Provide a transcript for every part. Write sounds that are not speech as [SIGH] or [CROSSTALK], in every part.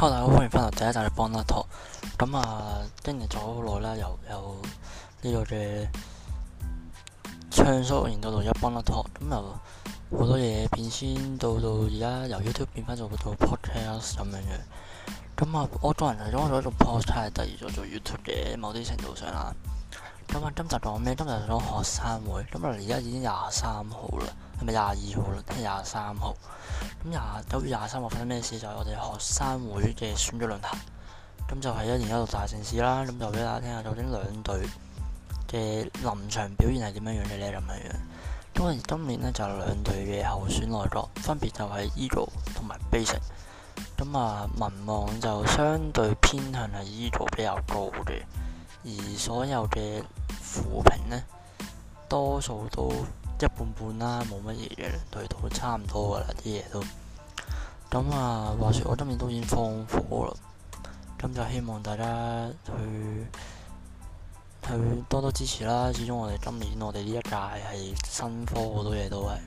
好，大家好，歡迎翻嚟第一集嘅幫得托。咁、嗯、啊，跟住做咗好耐啦，由又呢個嘅唱衰型到度又幫得托，咁又好多嘢變先到到而家，由 YouTube 變翻做嗰度 Podcast 咁樣嘅。咁、嗯、啊、嗯，我個人係做咗一個 Podcast，第二就做 YouTube 嘅，某啲程度上啦。咁、嗯、啊，今集講咩？今日講學生會。今日而家已經廿三號啦，係咪廿二號啦？廿三號。咁九月廿三號，發生咩事就係、是、我哋學生會嘅選舉論壇，咁就係一年一度大盛事啦。咁就俾大家聽下究竟兩隊嘅臨場表現係點樣呢樣嘅咧咁樣樣。咁我哋今年呢就係兩隊嘅候選內閣，分別就係 Eagle 同埋 Basic。咁啊，民望就相對偏向係 Eagle 比較高嘅，而所有嘅負評呢，多數都。一半半啦，冇乜嘢嘅，對到差唔多噶啦，啲嘢都。咁啊，話説我今年都已經放火啦，咁就希望大家去去多多支持啦。始終我哋今年我哋呢一屆係新科，好多嘢都係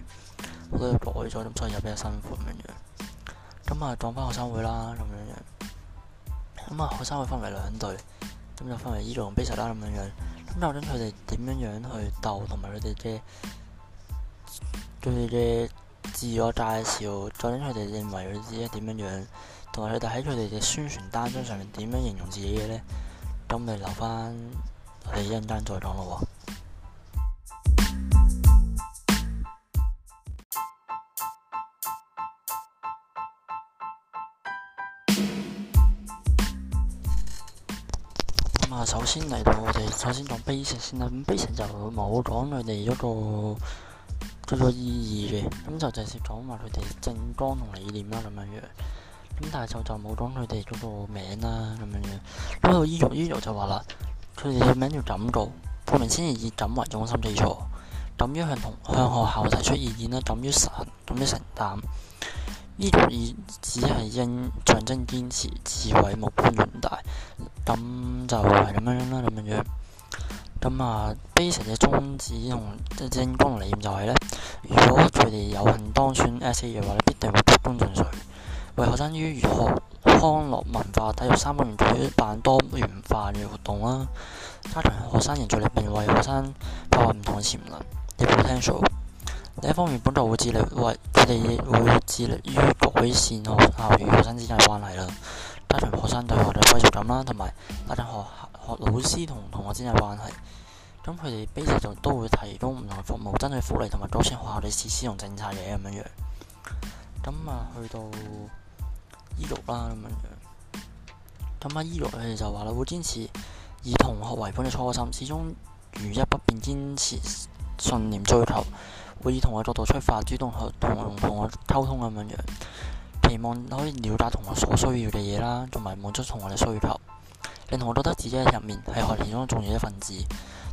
好多嘢改咗，咁所以有比較辛苦咁樣樣。咁啊，講翻學生會啦，咁樣樣。咁啊，學生會分為兩隊，咁就分為伊隆、比薩啦咁樣樣。咁就究竟佢哋點樣樣去鬥，同埋佢哋嘅。佢哋嘅自我介紹，究竟佢哋認為佢自己點樣樣，同埋佢哋喺佢哋嘅宣傳單張上面點樣形容自己嘅呢？都未留翻我哋一陣間再講咯喎。咁啊、 [MUSIC] 嗯，首先嚟到我哋，首先講悲情先啦。咁悲情就冇講佢哋一個。冇意義嘅，咁就直接講話佢哋政綱同理念啦咁樣樣，咁但係就就冇講佢哋嗰個名啦咁樣樣。嗰個伊玉伊玉就話啦，佢哋嘅名叫感召，顧名先至以感為中心基礎，敢於向同向學校提出意見啦，敢於實行，敢於承擔。呢度以只係因長征堅持，智慧目標遠大，咁就咁樣樣啦咁樣樣。咁啊，Basic 嘅宗旨同即係正功能理念就係呢。如果佢哋有幸當選 S A 嘅話咧，必定會鞠躬盡瘁。為學生於如學、康樂、文化、體育三方面舉辦多元化嘅活動啦，加強學生凝聚力，並為學生發掘唔同嘅潛能。potential，另一方面本，本就會致力為佢哋亦會致力於改善學校與學生之間嘅關係啦。加強學生對學校嘅歸屬感啦，同埋加強學校老師同同學之間嘅關係。咁佢哋 basic 就都會提供唔同嘅服務，爭取福利同埋改善學校嘅設施同政策嘅咁樣樣。咁、嗯、啊，去到醫育、e、啦咁樣樣。咁、嗯、啊，醫育佢哋就話啦，會堅持以同學為本嘅初心，始終如一不變，堅持信念追求，會以同學角度出發，主動去同同學溝通咁樣樣。期望可以了解同學所需要嘅嘢啦，同埋滿足同學嘅需求，令同學覺得自己喺入面係學其中重要一份子。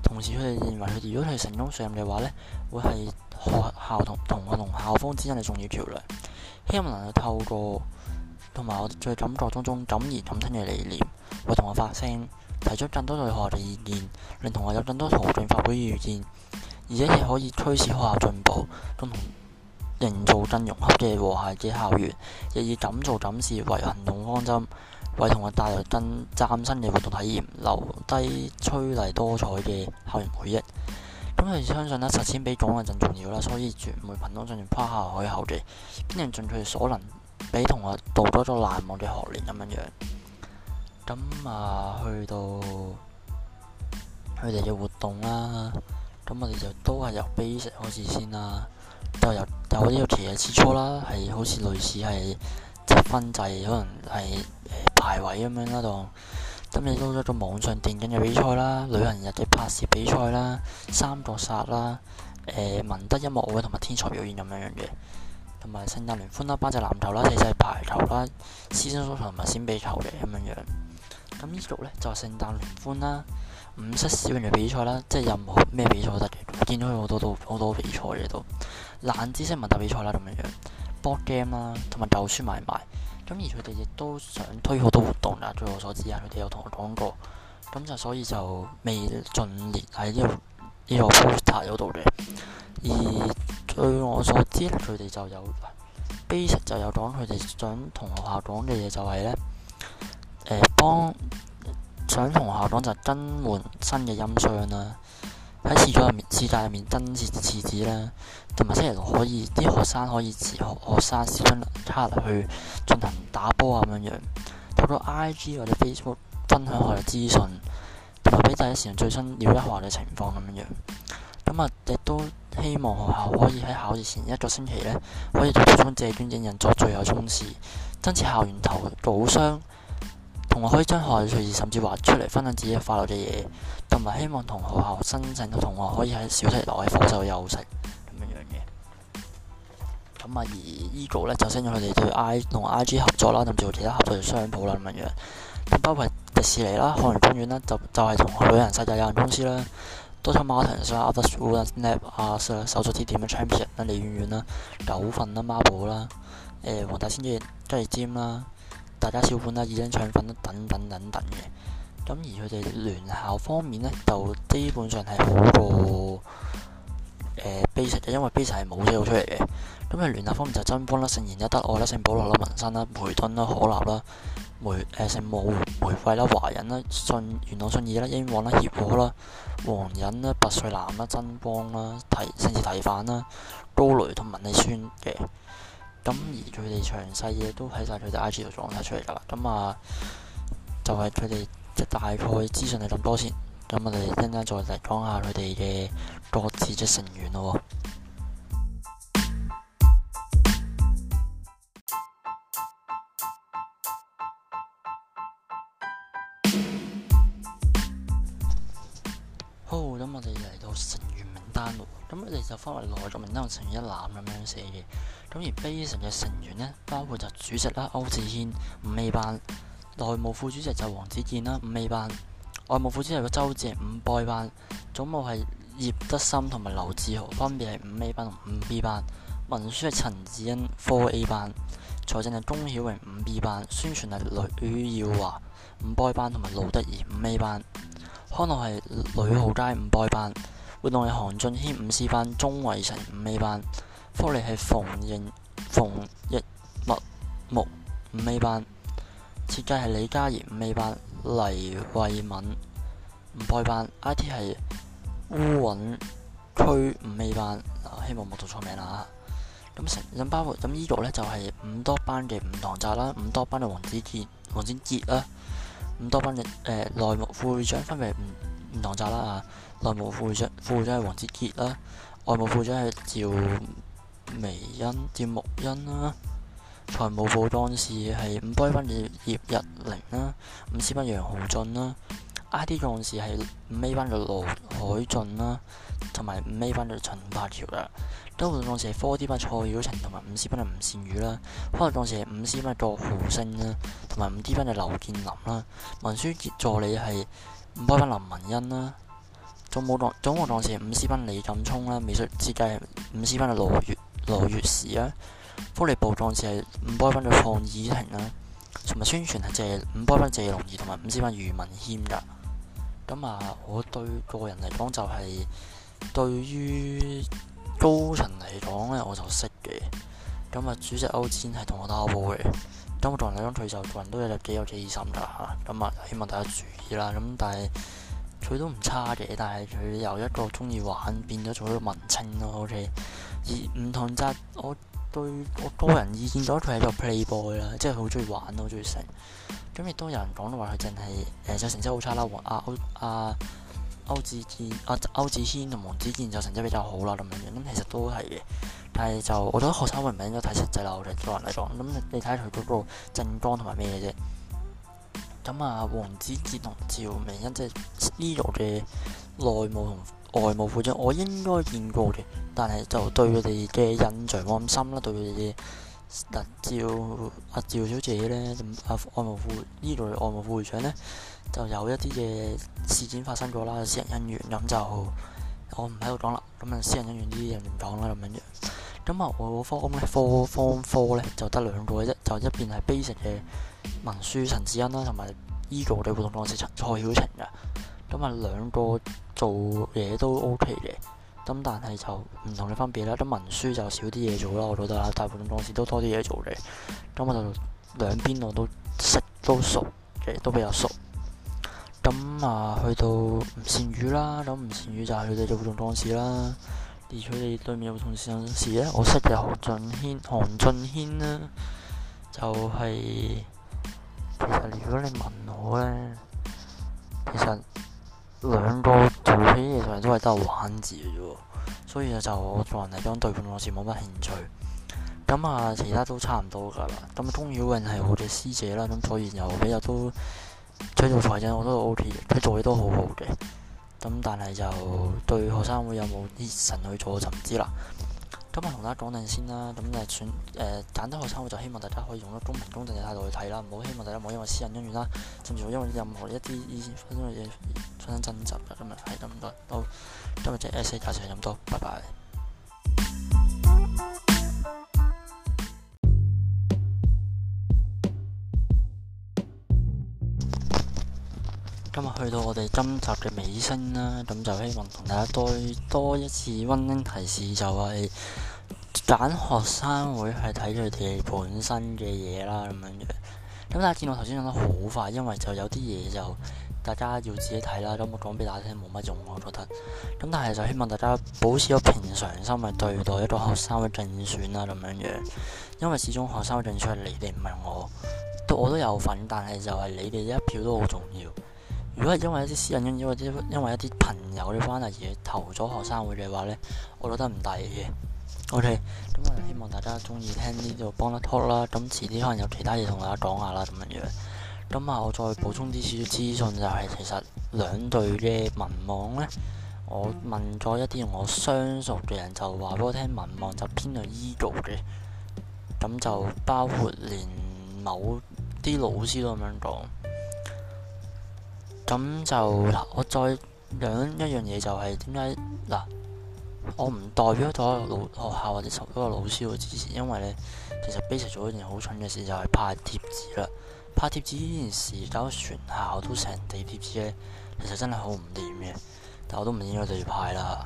同時，佢哋認為，佢如果係成功上任嘅話，呢會係學校同同學同學校方之間嘅重要橋樑。希望能夠透過同埋我，在感覺當中，中感言感聽嘅理念，為同學發聲，提出更多對學校嘅意見，令同學有更多途徑發表意見，而且亦可以驅使學校進步，共同。營造更融洽嘅和諧嘅校園，亦以敢做敢試為行動方針，為同學帶來更嶄新嘅活動體驗，留低絢麗多彩嘅校園回憶。咁佢哋相信咧，實踐比講嘅更重要啦，所以絕唔會憑空進跨誇下海口嘅，一定盡佢哋所能，俾同學度多咗難忘嘅學年咁樣樣。咁啊，去到佢哋嘅活動啦，咁我哋就都係由 basic 開始先啦。都有有啲嘢似初啦，係好似類似係七、就是、分制，可能係、呃、排位咁樣啦度今日都咗個網上電競嘅比賽啦，旅行日嘅拍攝比賽啦，三國殺啦，誒、呃、文德音樂會同埋天才表演咁樣樣嘅，同埋聖誕聯歡啦，班際籃球啦，四細排球啦，師生足球同埋閃避球嘅咁樣樣。咁呢度咧就聖誕聯歡啦。五色小型嘅比賽啦，即係任何咩比賽都得嘅，見到佢好多很多好多比賽嘅都，冷知識問答比賽啦，咁樣樣 board game 啦、啊，同埋舊書買賣，咁而佢哋亦都想推好多活動啦。據我所知啊，佢哋有同我講過，咁就所以就未盡列喺呢個呢個 poster 嗰度嘅。而據我所知，佢哋就有 basic 就有講、就是，佢哋想同學校講嘅嘢就係咧，誒幫。想同學校講就更換新嘅音箱啦，喺廁所入面、廁界入面增設廁紙啦，同埋星期六可以啲學生可以自學學生私隱率卡進去進行打波啊咁樣樣，透過 IG 或者 Facebook 分享學業資訊，同埋俾第一時間最新了解學校嘅情況咁樣樣。咁啊，亦都希望學校可以喺考試前一個星期咧，可以同普通借這端人作最後衝刺，增設校園投稿箱，我可以將學嘅趣甚至話出嚟分享自己快樂嘅嘢，同埋希望同學校申請嘅同學可以喺小息留喺課室休息咁樣嘅。咁啊，而 Eagle 咧就升咗佢哋對 I 同 I G 合作啦，甚至乎其他合作商鋪啦咁樣，包括迪士尼啦、海洋公園啦，就就係同兩人世界有限公司啦、Dr. Martens 啦、阿德舒爾啦、Snap 啦、手足啲點嘅 Champion 啦、李遠遠啦、狗訓啦、Marvel 啦、誒黃大仙嘅雞尖啦。大家小館啦、二珍腸粉啦等等等等嘅，咁而佢哋聯校方面呢，就基本上係好過 basic、呃、因為 basic 係冇寫到出嚟嘅。咁佢聯校方面就爭光啦、聖言一德啦、聖保羅啦、文山啦、梅頓啦、可立啦、梅誒聖母玫瑰啦、華人啦、信元朗信義啦、英皇啦、協和啦、黃仁啦、拔萃男啦、爭光啦、提聖士提反啦、高雷同文理宣嘅。咁、嗯、而佢哋詳細嘢都喺晒佢哋 I G 度講曬出嚟㗎啦，咁、嗯、啊就係佢哋即大概資訊係咁多先，咁、嗯、我哋一陣間再嚟講下佢哋嘅各自即成員咯。嗯嗯。我哋嚟到成員名單喎，咁我哋就分為內閣名單同成員一覽咁樣寫嘅。咁而 basic 嘅成員呢，包括就主席啦，歐志軒五 A 班；內務副主席就黃子健啦，五 A 班；外務副主席嘅周哲五 B 班；總務係葉德森同埋劉志豪，分別係五 A 班同五 B 班；文書係陳子恩四 A 班；財政係鍾曉榮五 B 班；宣傳係呂耀華五 B 班同埋盧德賢五 A 班。我係呂浩佳五拜班，活動係韓俊軒五 C 班，鍾偉成五 A 班，福利係馮盈馮逸物、木五 A 班，設計係李嘉怡五 A 班，黎慧敏五拜班，I T 係鄔允區五 A 班，希望冇讀錯名啦吓。咁成班包括咁呢度咧就係、是、五多班嘅吳唐澤啦，五多班嘅黃子健黃子傑啦。咁多班嘅誒內務副會長分別唔唔同咋啦啊！內務副會長副會長係黃子傑啦，外務副會長係趙薇欣、趙木欣啦，財務部董事係伍輝斌葉日玲啦，咁師班楊豪俊啦。I.D. 壯士係五 a 班嘅羅海俊啦，同埋五 a 班嘅陳柏喬啦。都護壯士係 four D 班蔡曉晴同埋五 C 班嘅吳善宇啦。科護壯士係五 C 班嘅郭浩勝啦，同埋五 D 班嘅劉建林啦。文書助理係五 B 班林文欣啦。總務總務壯士係五 C 班李錦聰啦。美術設計係五 C 班嘅羅月羅月時啦。福利部壯士係五 B 班嘅鄺以婷啦，同埋宣傳係謝五 B 班謝龍儀同埋五 C 班余文謙噶。咁啊，我對個人嚟講就係對於高層嚟講咧，我就識嘅。咁啊，主席歐戰係同我打波嘅。咁我個人嚟講，佢就個人都有幾有幾機心啦。咁啊，希望大家注意啦。咁但係佢都唔差嘅，但係佢由一個中意玩變咗做一個文青咯。O.K. 而唔同澤我。對我個人意見，到佢係個 playboy 啦，即係好中意玩好中意食。咁亦都有人講到話佢淨係誒就成績好差啦，阿阿、啊啊、歐子健、阿、啊、歐子軒同黃子健就成績比較好啦，咁樣樣咁其實都係嘅。但係就我覺得學生會唔係應該都睇實際啦，我哋做人嚟講，咁你睇佢嗰個政綱同埋咩啫？咁啊，黃子健同趙明欣即係呢度嘅內務同外務副長，我應該見過嘅，但係就對佢哋嘅印象冇咁深啦。對佢哋嘅阿趙阿趙小姐咧，咁、啊、阿外務副呢類外務副會長咧，就有一啲嘅事件發生過啦。私人恩怨咁就我唔喺度講啦。咁啊，私人恩怨呢啲就唔講啦，咁樣啫。咁啊，我科科 f o 咧就得兩個啫，就一邊係 basic 嘅文書陳志恩啦，同埋 Eagle 嘅活動方式陳蔡曉晴嘅。咁啊，兩個做嘢都 OK 嘅，咁但係就唔同嘅分別啦。咁文書就少啲嘢做啦，我覺得啦。大部分幹事都多啲嘢做嘅，咁我就兩邊我都識都熟嘅，都比較熟。咁啊，去到吳善宇啦，咁吳善宇就係佢哋做活動幹事啦。而佢哋對面有位同事咧，我識嘅何俊軒，何俊軒呢，就係、是、其實如果你問我咧，其實。兩個做起嚟都係得玩字嘅啫，所以就我個人嚟講對判官司冇乜興趣。咁啊，其他都差唔多噶啦。咁鍾曉雲係我哋師姐啦，咁所以又比較都做做財政我都 O K 嘅。佢做嘢都好好嘅。咁但係就對學生會有冇熱忱去做就唔知啦。今日同大家講定先啦，咁、嗯、誒選誒、呃、簡單學生會，我就希望大家可以用一公平公正嘅態度去睇啦，唔好希望大家唔好因為私人恩怨啦，甚至乎因為任何一啲以前發生嘅嘢發生爭執啦，今日係咁多。好，今日即係 S A 介紹就咁多，拜拜。今日去到我哋今集嘅尾聲啦，咁就希望同大家再多一次溫馨提示，就係、是、揀學生會係睇佢哋本身嘅嘢啦，咁樣樣。咁但係見我頭先講得好快，因為就有啲嘢就大家要自己睇啦，咁我講俾大家聽冇乜用，我覺得。咁但係就希望大家保持咗平常心去對待一個學生嘅競選啦。咁樣樣。因為始終學生嘅競選你，你哋唔係我，我都有份，但係就係你哋一票都好重要。如果係因為一啲私人嘅嘢，或者因為一啲朋友嘅關係而投咗學生會嘅話咧，我覺得唔抵嘅。OK，咁啊，希望大家中意聽呢度幫得拖啦。咁遲啲可能有其他嘢同大家講下啦，咁樣樣。咁、嗯、啊，我再補充啲少少資訊就係、是，其實兩隊嘅民望咧，我問咗一啲我相熟嘅人就話俾我聽，民望就偏向醫局嘅。咁就包括連某啲老師都咁樣講。咁就我再講一樣嘢、就係，就係點解嗱，我唔代表所有老學校或者所有老師嘅支持，因為咧，其實 basic 做一件好蠢嘅事，事，就係派貼紙啦。派貼紙呢件事搞到全校都成地貼紙咧，其實真係好唔掂嘅。但我都唔應該就要派啦。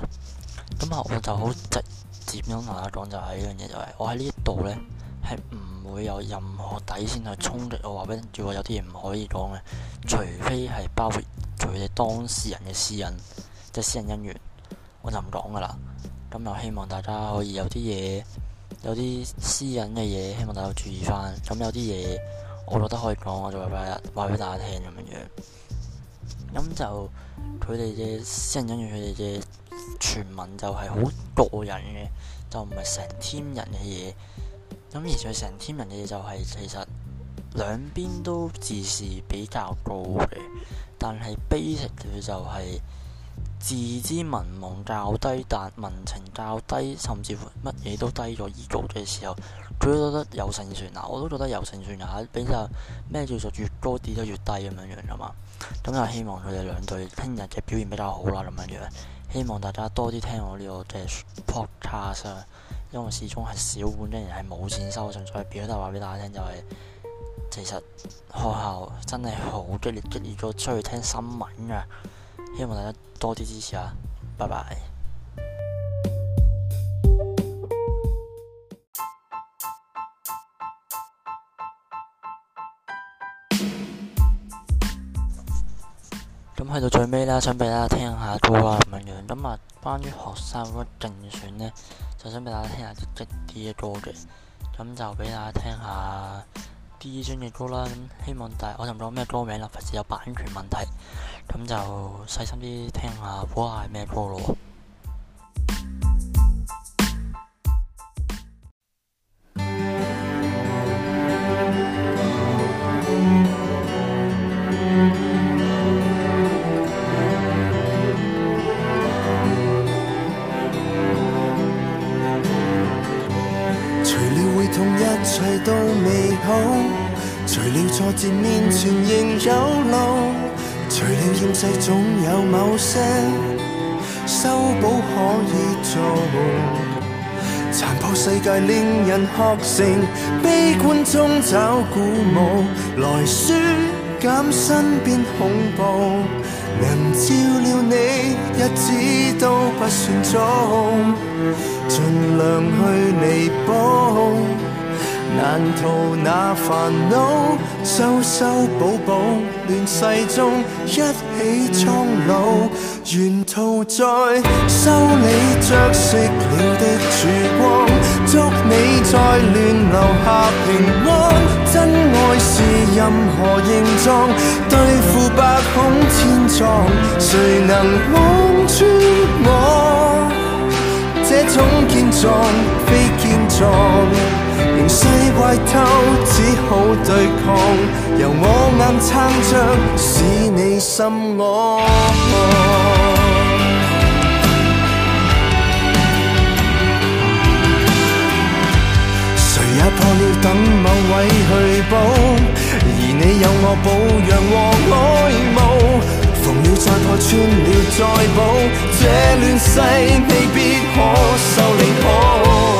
咁啊，我就好直接咁同大家講就係呢樣嘢，就係我喺呢度咧係唔。唔會有任何底線去衝擊我話俾你知。我有啲嘢唔可以講嘅，除非係包括佢哋當事人嘅私隱，即係私人恩怨，我就唔講噶啦。咁又希望大家可以有啲嘢，有啲私隱嘅嘢，希望大家注意翻。咁有啲嘢我覺得可以講，我就話俾大家，話俾大家聽咁樣。咁就佢哋嘅私人恩怨，佢哋嘅傳聞就係好個人嘅，就唔係成天人嘅嘢。咁而再成天人嘅嘢就係、是、其實兩邊都自視比較高嘅，但係 basic 就係自知民望較低，但民情較低，甚至乎乜嘢都低咗二局嘅時候，佢都覺得有勝算嗱，我都覺得有勝算。嗱，比較咩叫做越高跌得越低咁樣樣啊嘛，咁、嗯、就、嗯嗯嗯嗯嗯嗯、希望佢哋兩隊聽日嘅表現比較好啦咁樣樣，希望大家多啲聽我呢個嘅 podcast、嗯。因為始終係小本的，人係冇錢收上，仲再表達話俾大家聽、就是，就係其實學校真係好激烈，激烈到出去聽新聞啊！希望大家多啲支持啊！拜拜。咁去到最尾啦，想俾大家聽下歌、啊咁樣今、嗯、日。嗯關於學生嗰個競選咧，就想俾大家聽下啲激啲嘅歌嘅，咁就俾大家聽下 D 張嘅歌啦。希望大我諗唔到咩歌名啦，費事有版權問題。咁就細心啲聽下，唔好係咩歌咯。總有某些修補可以做，殘破世界令人學成悲觀中找鼓舞，來舒減身邊恐怖。能照料你日子都不算糟，儘量去彌補，難逃那煩惱修修補補。亂世中一起蒼老，沿途在修理着熄了的曙光，祝你在亂流下平安，真愛是任何形狀，對付百孔千瘡，誰能望穿我這種健壯，非健壯。誰壞透，只好對抗。由我硬撐着，使你心安，啊。誰也破了，等某位去補。而你有我保養和愛慕，縫了再破，穿了再補，這亂世未必可修煉好。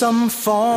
心火。